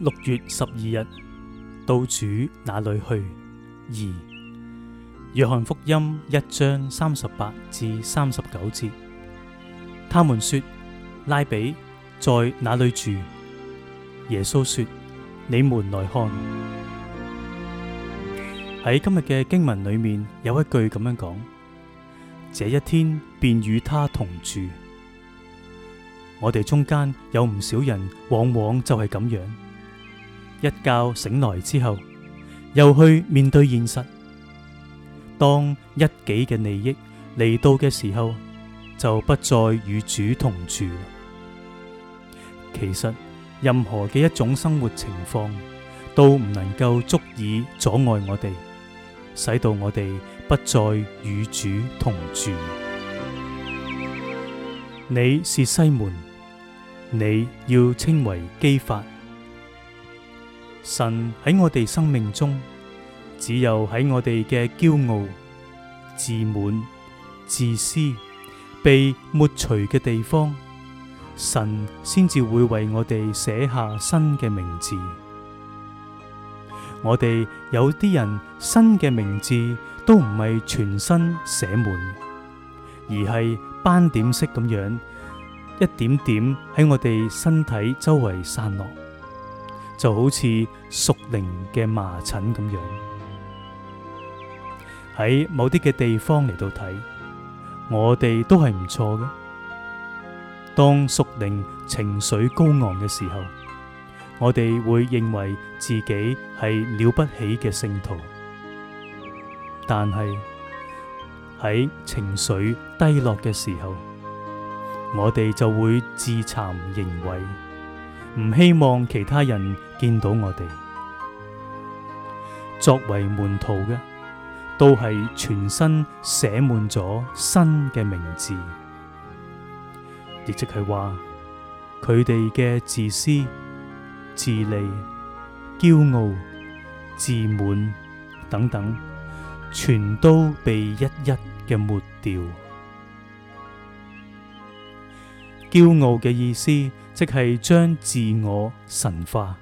六月十二日到主那裏去二約翰福音一章三十八至三十九節。他們說拉比在哪裏住？耶穌說：你們來看。喺今日嘅經文裏面有一句咁樣講：這一天便與他同住。我哋中間有唔少人，往往就係咁樣。一覺醒來之後，又去面對現實。當一己嘅利益嚟到嘅時候，就不再與主同住。其實任何嘅一種生活情況，都唔能夠足以阻礙我哋，使到我哋不再與主同住。你是西門，你要稱為基法。神喺我哋生命中，只有喺我哋嘅驕傲、自滿、自私被抹除嘅地方，神先至會為我哋寫下新嘅名字。我哋有啲人新嘅名字都唔係全身寫滿，而係斑點式咁樣，一點點喺我哋身體周圍散落。就好似屬靈嘅麻疹咁樣，喺某啲嘅地方嚟到睇，我哋都係唔錯嘅。當屬靈情緒高昂嘅時候，我哋會認為自己係了不起嘅聖徒；但係喺情緒低落嘅時候，我哋就會自慚形穢。唔希望其他人見到我哋。作為門徒嘅，都係全身寫滿咗新嘅名字。亦即係話，佢哋嘅自私、自利、驕傲、自滿等等，全都被一一嘅抹掉。驕傲嘅意思，即係將自我神化。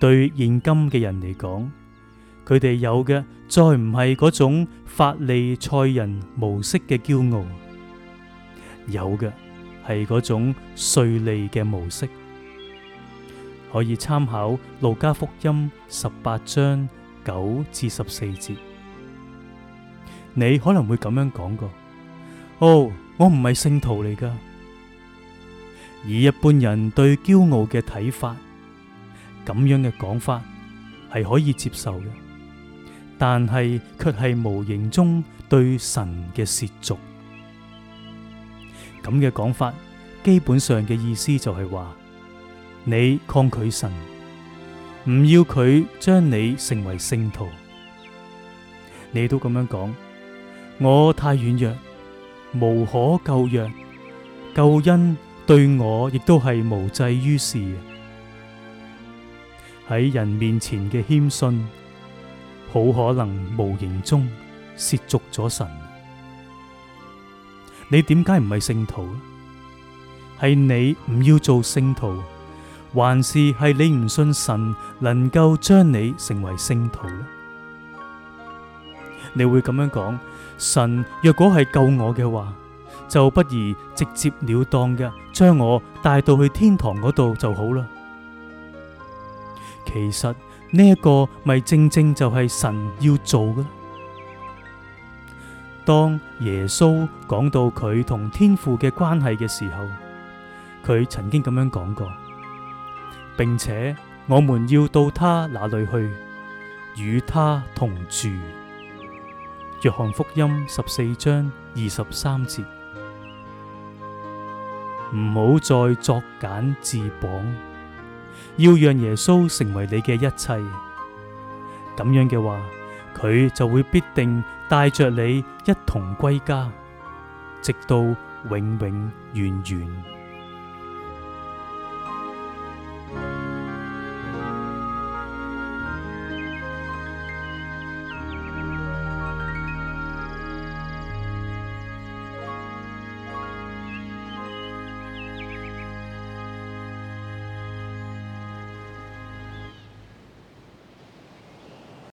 對現今嘅人嚟講，佢哋有嘅再唔係嗰種法利賽人模式嘅驕傲，有嘅係嗰種稅吏嘅模式。可以參考《路加福音》十八章九至十四節。你可能會咁樣講過：「哦，我唔係聖徒嚟㗎。而一般人對驕傲嘅睇法，咁樣嘅講法係可以接受嘅，但係卻係無形中對神嘅褻瀆。咁嘅講法，基本上嘅意思就係話，你抗拒神，唔要佢將你成為聖徒，你都咁樣講，我太軟弱，無可救藥，救恩，對我亦都係無濟於事。喺人面前嘅謙遜，好可能無形中褻瀆咗神。你點解唔係聖徒？係你唔要做聖徒，還是係你唔信神能夠將你成為聖徒呢？你會咁樣講：神若果係救我嘅話，就不如直接了當嘅，將我帶到去天堂嗰度就好啦。其實呢一個咪正正就係神要做嘅。當耶穌講到佢同天父嘅關係嘅時候，佢曾經咁樣講過，並且我們要到他那裏去，與他同住。約翰福音十四章二十三節。唔好再作繭自綁，要讓耶穌成為你嘅一切。咁樣嘅話，佢就會必定帶着你一同歸家，直到永永遠遠。